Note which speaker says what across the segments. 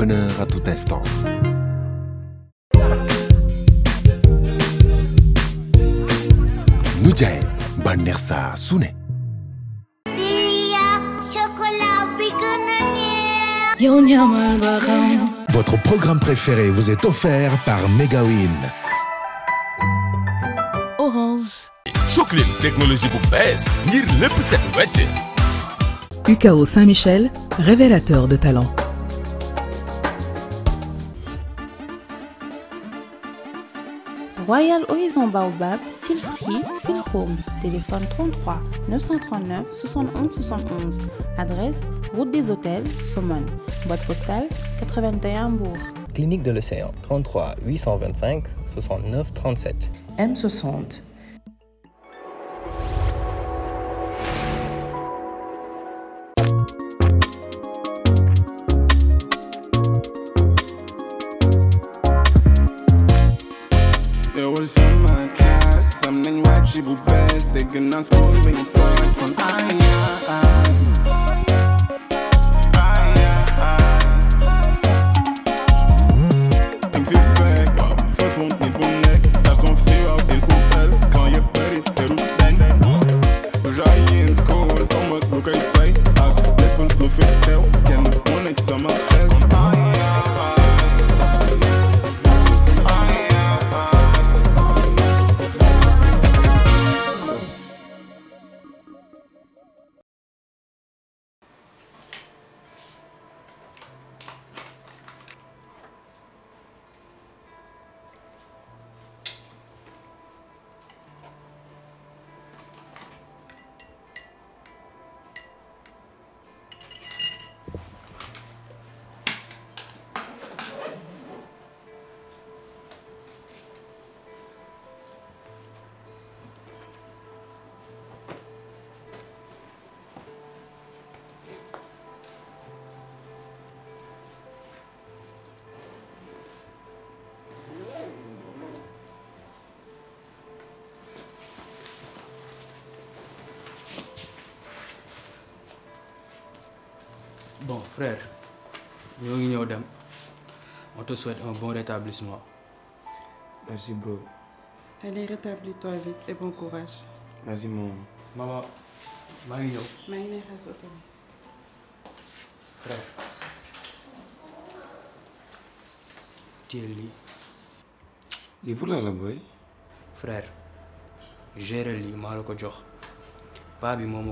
Speaker 1: bonheur à tout instant. Nujay, Banersa Sune. Votre programme préféré vous est offert par Megawin. Orange. Choclin, technologie pour baisse, ngir le set wet.
Speaker 2: UKO Saint-Michel, révélateur de talent.
Speaker 1: Royal Horizon
Speaker 2: Baobab, feel free, feel home. Téléphone 33 939 71 71. Adresse Route des Hôtels, Saumon. Boîte postale 81 Bourg. Clinique de l'Océan 33 825 69 37.
Speaker 1: M60 Și bubesc de când ascult Vine tot cu aia
Speaker 2: bon frère nous ngi dem on te souhaite un bon rétablissement. merci bro. allez rétablis-toi vite et bon courage. merci mon. maman maa ngi ñëw. maa frère. teel lii. pour la lamboy. frère gérer lii maa la ko jox paa bi moo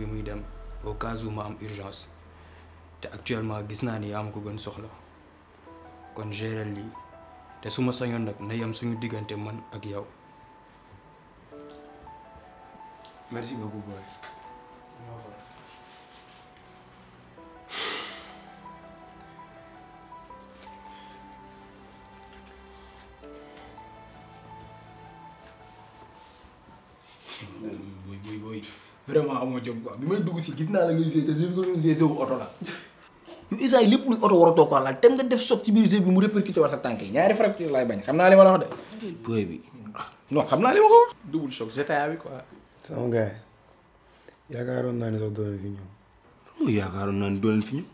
Speaker 2: bi muy dem au cas où ma am urgence te actuellement gis naa ni yaa ko gën soxla kon gérer li te suma sañon nak na yam suñu digënté man ak yow.
Speaker 1: merci beaucoup boy.
Speaker 2: boy boy boy vraiment amoo jom quoi bi may dugg si gis naa la ngay gisee te si biir oto la. saa yi lépp luy oto waratoo ko laal dem nga def shop ci biir jeu bi mu répercuté war sa tànk yi ñaari fracture laay bañ xam naa li ma la wax de. booy bi non xam li ma ko wax. double choc GTA bi quoi. sama
Speaker 1: gars yaakaaroon naa ne sax doon fi ñëw.
Speaker 2: mooy yaakaaroon naa ne doon fi ñëw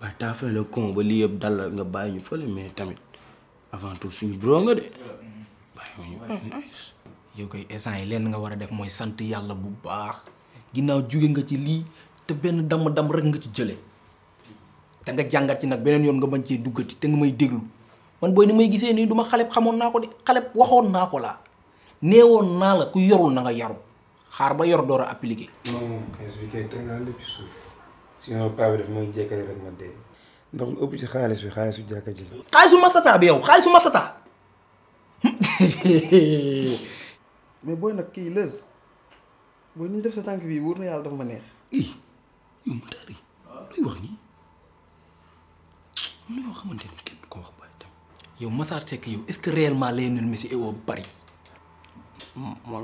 Speaker 2: ba taa fay la con ba lii yëpp dal nga bàyyi ñu fële mais tamit avant tout suñu bro nga de
Speaker 1: bàyyi ma ñu
Speaker 2: nice. yow koy instant yi lenn nga war a def mooy sant yàlla bu baax ginnaaw jóge nga ci lii te benn damm-damm rek nga ci jëlee. te nga jàngat ci nag beneen yoon nga bañ cee duggati te nga may déglu man booy ni may gisee nii duma ma xaleb xamoon naa ko de xaleb waxoon naa ko laa neewoon naa la ku yorul na nga yaru xaar ba yor door a appliqué. non expliqué
Speaker 1: te nga lépp ci suuf sinon paa bi daf may jekkale rek ma dee. xaalis bi xaalisu jàkka ji la.
Speaker 2: xaalisu masata bi yow xaalisu masata. mais booy nag kii lëz booy ni def sa tànk bii wóor na yàlla dafa ma neex. munoo xamante ne kenn ko wax ba dem yow Massar Seck yow est-ce que réellement Lionel Messi est au Paris moom fa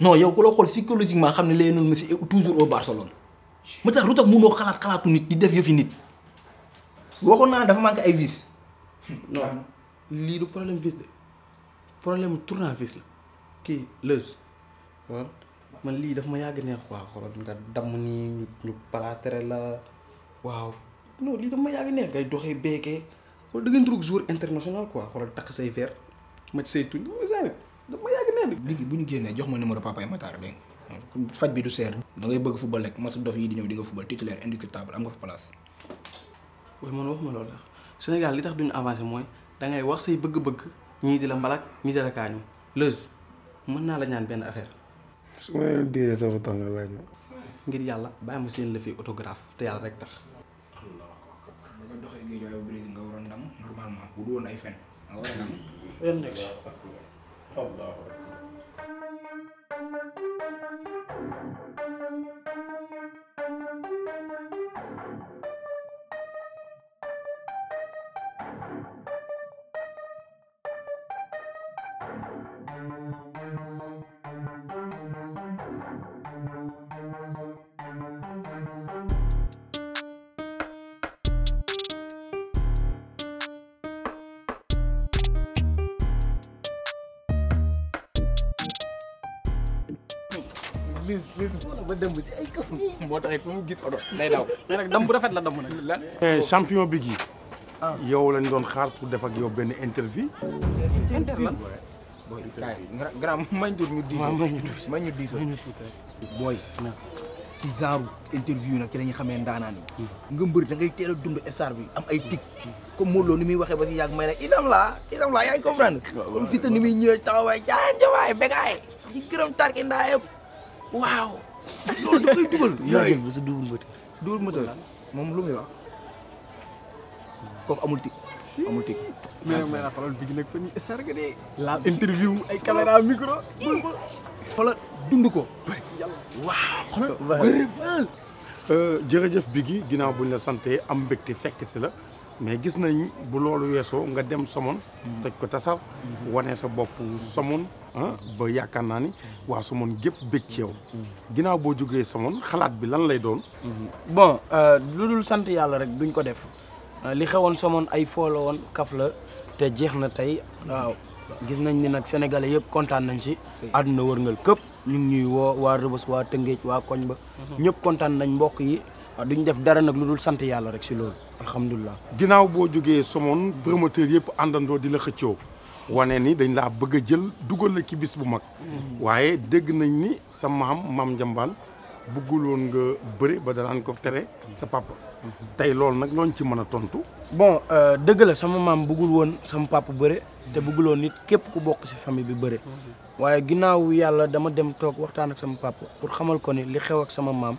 Speaker 2: non yow ku la xool psychologiquement xam ne Lionel Messi est toujours au Barcelone ma tax lu tax munoo xalaat xalaatu nit di def yëfi nit waxoon naa dafa manqué ay vis non lii du problème vis de problème tournevis la kii lës waaw man ma neex quoi nga ñu la waaw non lii dama yàgg neex ngay doxee beekee xool da ngeen drog jour international quoi xoolal takk say verre maj say tuñ ma genre dama yàgg bu ñu génnee jox ma numéro papa Matar dégg nga faj bi du seer da ngay bëgg football rek match dof yi di ñëw di nga football titulaire indiscutable am nga fa place waaye man wax ma loolu tax Sénégal li tax duñu avancé mooy dangay wax say bëgg-bëgg ñii di la mbalak ñii di kaa kaañu Leuz mën naa la ñaan benn affaire su ma
Speaker 1: diiree sax lu tax nga laaj ma
Speaker 2: ngir yàlla bàyyi ma la fi autographe te yàlla rek tax Guédiawaye bu Brésil nga normal ndam normalement bu event, woon ay fen nga
Speaker 1: thank you siis siis ba dem si ay këf
Speaker 2: moo tax it fu mu gis oto day daw mais nag dam bu rafet la dam nag la eh,
Speaker 1: champion bi gi ah. yow lañ doon xaar pour booy kaay grand interview
Speaker 2: nag ci la ñu xamee ndaanaan yi hmm. nga mbër da ngay teel a dund star bi am ay tic comme Modou Lo ni muy waxee ba si yàgg may ne idam laa idam laa yaa ngi comprendre comme si te muy ñëwee taxawaay jaan jawaay bégaay tarki ndaa waaw. loolu da koy dugal. yooyu yëpp sa double moteur. double moteur moom lu muy wax kooku amul tig amul tig. mais nag may naa xoolal bi nag fa ñu sarga de. la interview ay caméra
Speaker 1: micro. xoolal dund ko. waaw xoolal. Euh, jërëjëf Biggi ginnaaw buñ la sante am mbégte fekk si la. mais gis nañ bu loolu weesoo nga dem somon toj ko tasar wane sa bopp somon ah, ba yaakaar naa ni waa somon gépp bég ci ginnaaw boo jógee somon xalaat bi lan lay doon bon euh, lu dul sant yàlla rek duñ ko def euh, li xewoon somon ay
Speaker 2: foo la woon kaf la te jeex na tey waaw gis nañ ni nag sénégalais yëpp kontaan nañ ci àdduna wërngal këpp ñu ngi woo waa Rebeuss waa Tëngéej waa koñ ba mhm. ñëpp kontaan
Speaker 1: nañ mbokk yi Ah, duñ def dara nag lu dul sant yàlla rek si loolu alhamdulilah ginnaaw boo jógee somoon promoteur yëpp àndandoo di la xëccoo wane ni dañ laa bëgg a jël dugal la ci bis bu mag waaye dégg nañ ni sa maam maam njambaan bëggul woon nga bëri ba danaan ko tere sa papa tey loolu nag looñ ci mën tontu
Speaker 2: bon euh, dëgg la sama mam bëggul woon sama papa bëri te bëggul woon nit képp ku bokk si famille bi bëri mhm. waaye ginnaaw yàlla dama dem toog waxtaan ak sama papa pour xamal ko ni li xew ak sama mam.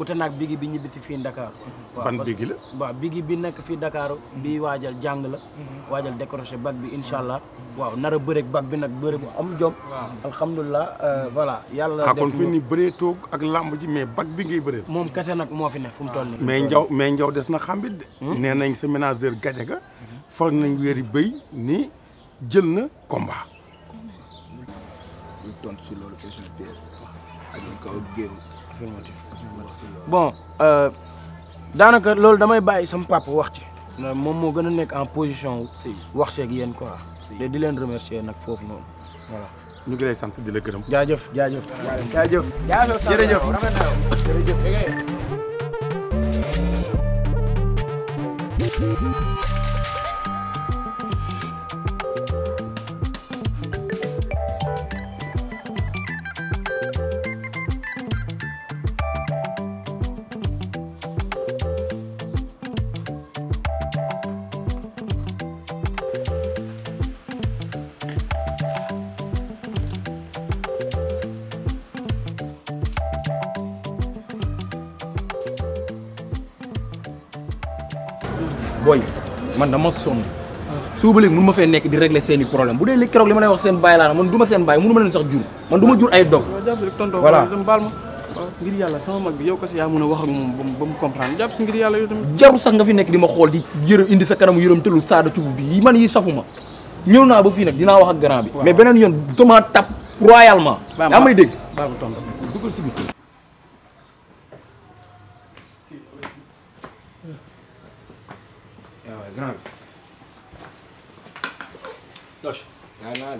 Speaker 2: ute nak bigi bi ñibbisi fii Dakar. Mhm. ban bigi la waaw bigi bi nekk fii Dakar. Mhm. bi waajal jàng la. Mhm. waajal décroché bac bi incha allah. waaw nar a bëreeg bac bi nag
Speaker 1: bëri bu am jom. waaw alhamdulilah euh, voilà yàlla. Ah, def kon fi ni bëree toog ak làmb ji mais bac bi ngay bëree. moom kese nag moo fi ne fu mu toll nii. Ah. mais njaw mais njaw des na xambit de. Hmm? nañ sa ménageur Gadiaga. Hmm. foog nañ wéeri béy ni jël na combat.
Speaker 2: ñu tontu si question bi ak ñu kaw géew bon euh, daanaka loolu damay bàyyi sama papa wax ci. moom moo gën a nekk en position. wax seeg yéen quoi. te di leen remercier nag foofu noonu
Speaker 1: voilà. ñu ngi lay sant di la gërëm. jaajëf jaajëf. jaajëf jaajëf jërëjëf
Speaker 2: booy man dama sonn suba ba léegi mënu ma fee nekk di régler seen i problème bu dee léegi keroog li ma wax seen bàyyi laa man du ma seen bàyyi mënu ma leen sax jur man du ma jur ay dof voilà bi yow kese a wax ak moom ba mu comprendre jaru sax nga fi nekk di ma xool di yërë indi sa kanamu yërëm tëlu saada cubu bi yi man yi safuma ñëw naa ba fii nag dinaa wax ak grand bi mais beneen yoon dama tap royalement yaa may dégg
Speaker 1: baal ma tontu dugal si
Speaker 2: Grave. naa naa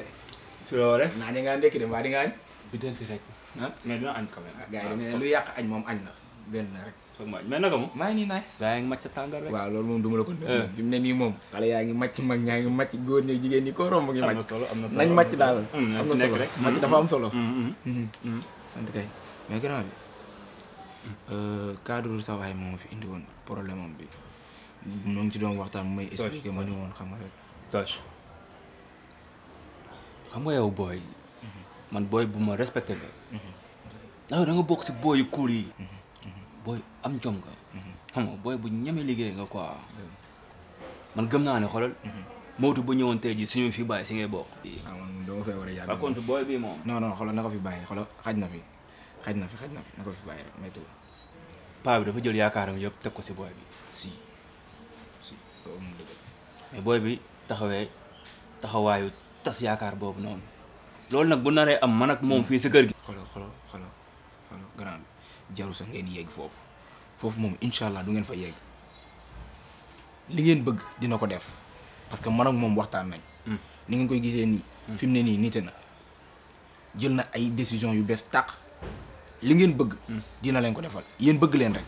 Speaker 2: de. ngaa ndekki de mbaa di nga añ. biddanti rek. ah añ ah, lu yàq añ moom añ na benn na rek. soog ma mais naka moom. maa ngi nii sa yaa ngi tàngoor rek. waaw loolu moom duma la ko déglu. Eh. fi mu ne nii moom. xale yaa ngi màcc mag ñaa ngi màcc góor ñi jigéen ñi ko romb ngi màcc. am na solo am na solo nañ màcc daal. am na solo màcc hmm, dafa am solo. Hmm, hmm, sant kay mais grand bi. Euh, cadre sa waay moom fi indi woon problème bi ñoo ngi ci doon waxtaan mu may expliquer ma ne woon xam nga rek. Toch xam nga yow booy. Mm-hmm. man booy bu ma respecté la.
Speaker 1: Mm-hmm.
Speaker 2: ah da bokk si booy yu cool yi. Mm-hmm. booy am jom nga. xam nga booy bu ñeme liggéey nga quoi. man gëm naa ne xoolal. Mawtu bu ñëwoon tey jii suñu fi bàyyi si ngay bokk. ah a yàgg. par contre booy bii moom. non non xolo na ko fi bàyyi xoolal xaj na fi xaj na fi xaj na fi na ko fi bàyyi rek may tuur. paa dafa jël yaakaaram yëpp teg ko si booy bi si. si mais booy bi taxawee taxawaayu tas yaakaar boobu noonu loolu nag bu naree am man ak moom fii si kër gi. xolo xolo xolo xolo grand bi sax ngeen yegg foofu foofu moom incha allah du ngeen fa yéeg li ngeen bëgg dina ko def parce que man ak moom waxtaan nañ. Hmm. ni ngeen koy gisee nii. Hmm. fi mu ne nii nite na jël na ay décision yu bees tàq li ngeen bëgg. Hmm. dina leen ko defal yéen bëgg leen rek.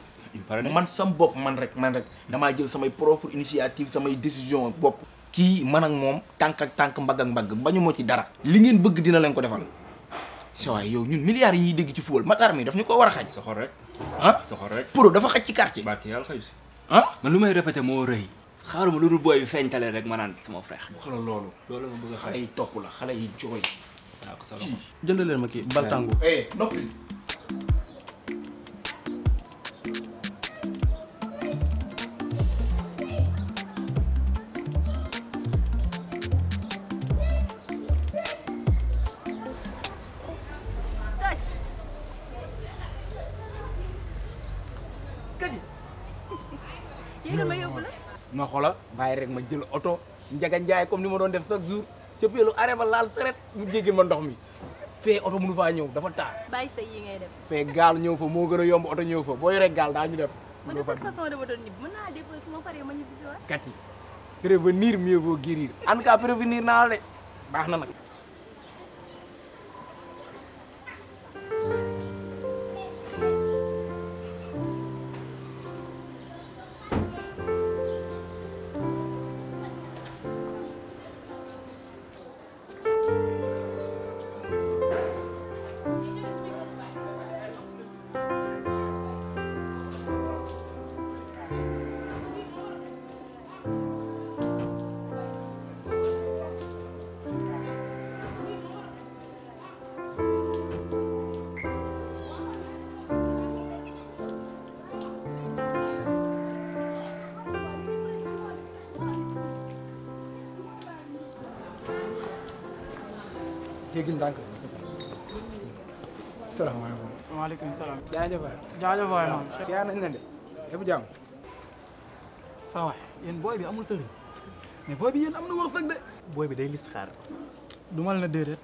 Speaker 2: man sam bopp man rek man rek damaa jël samay propre initiative samay décision bopp kii man ak moom tànk ak tànk mbagg ak mbagg bañu moo ci dara li ngeen bëgg dina leen ko defal sawaay yow ñun milliards yi dégg ci football Matar mi daf ñu ko war a xaj soxor rek ah soxor rek pro dafa xaj ci quartier barki yàlla xaj ah man lu may répété moo rëy xaaruma lu dul booy bi feeñtale rek ma naan sama frère xoolal loolu loolu ma bëgg a xale yi la xale yi jooy jënd leen ma kii baltangu eh noppi ma xola bàyyi rek ma jël oto njaga njaay comme ni ma doon def chaque jour ca peelu arrêt ba laal traite mu jéggi ma ndox mi fee oto mënu faa ñëw dafa taa bàyyi sa yi ngay def fee gaal ñëw fa moo gën a yomb oto ñëw fa boo yoree gaal daa ñu def man de toute façon dama doon ñibbi mën naa def su ma paree ma ñibbi si waat prévenir mieux vaut guérir en tout prévenir naa la baax na déggil ndànk salaamaaleykum. salaam. jaajëf waay. jaajëf waay booy bi amul sëriñ mais booy bi yéen am na wërsëg de. booy bi day listixaar du mal na déedéet.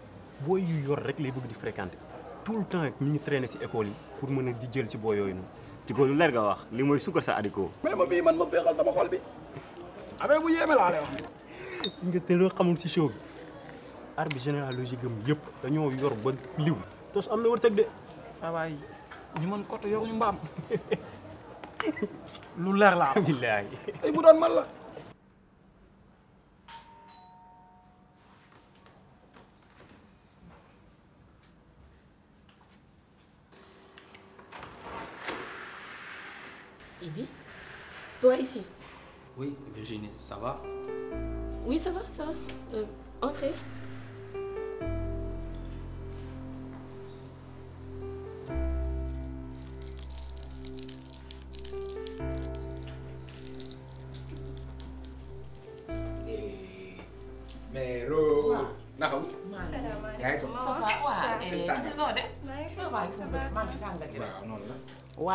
Speaker 2: booy yu yor rek lay bëgg di fréquenter tout le temps ñu ngi traîner ci école yi pour mën a di jël ci booy yooyu noonu. ci ko wax li mooy sukkar sa adiko. mais ma bii man ma feexal sama xol bi. affaire bu yéeme laa lay nga te xamul si show bi. arbre généalogique
Speaker 1: am yëpp dañoo yor ba liw
Speaker 2: tos am na wërsëg de sa waay ñu mën côté ñu mbam lu leer la am ay bu doon man la Idi, toi ici Oui, Virginie, ça va Oui, ça va, ça va. Euh, entrez.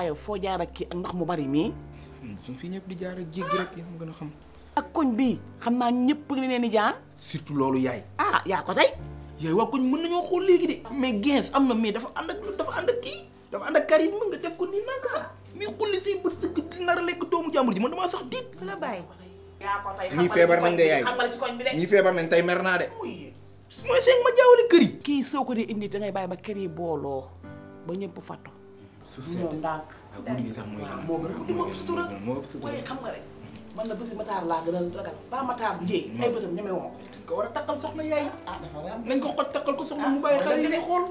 Speaker 2: waaye foo jaar ak kii ak ndox mu bari mii. Hmm, suñ fi ñëpp di jaar ak rek yaa gën xam. ak koñ bii xam naa ngi leen di jaar. surtout loolu yaay. ah ya, ko tey. yaay waa koñ mën nañoo xool léegi de. mais gens am na mais dafa ànd ak dafa ànd ak kii dafa ànd ak charisme nga def ko nii naka mi xulli fii ba sëkk di nar a lekk doomu jàmbur ji man damaa sax diit. la bàyyi. yaa ko tey ñii feebar nañ de yaay ñii feebar nañ tey mer naa de. mooy seeg ma jaawale kër yi. kii soo ko dee indi dangay ba kër yi ba ñëpp fàttu suuf si ñoom ndànk. Ah, waaw moo gën du ma ëpp sutura nga rek man na bëti mataar a ragal mm. ko a takkal soxna yaay ah, nañ ko xoj takkal ko soxna mu ah, bàyyi xale yi di xool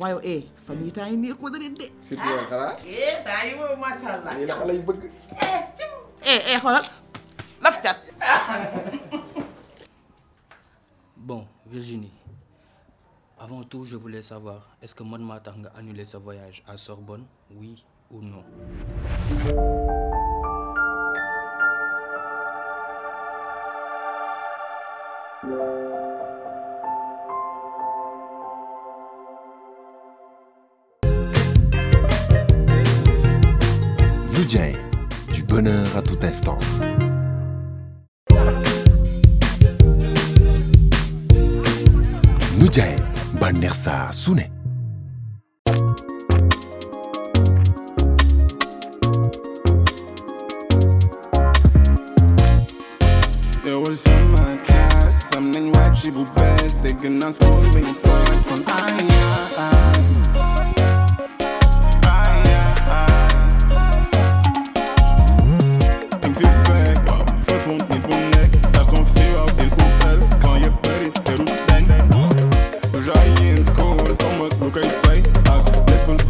Speaker 2: waaye eh mm. fan yi nii ko dara de surtout yow xanaa eh temps yi moom macha la xale bëgg eh eh eh xoolal laf cat bon Virginie Avant tout, je voulais savoir, est-ce que Mon Matang a annulé ce voyage à Sorbonne, oui ou non
Speaker 1: Blue du bonheur à tout instant. a Sune.
Speaker 2: There was some podcast, something watchable best. They can ask when you from on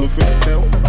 Speaker 1: Felitel.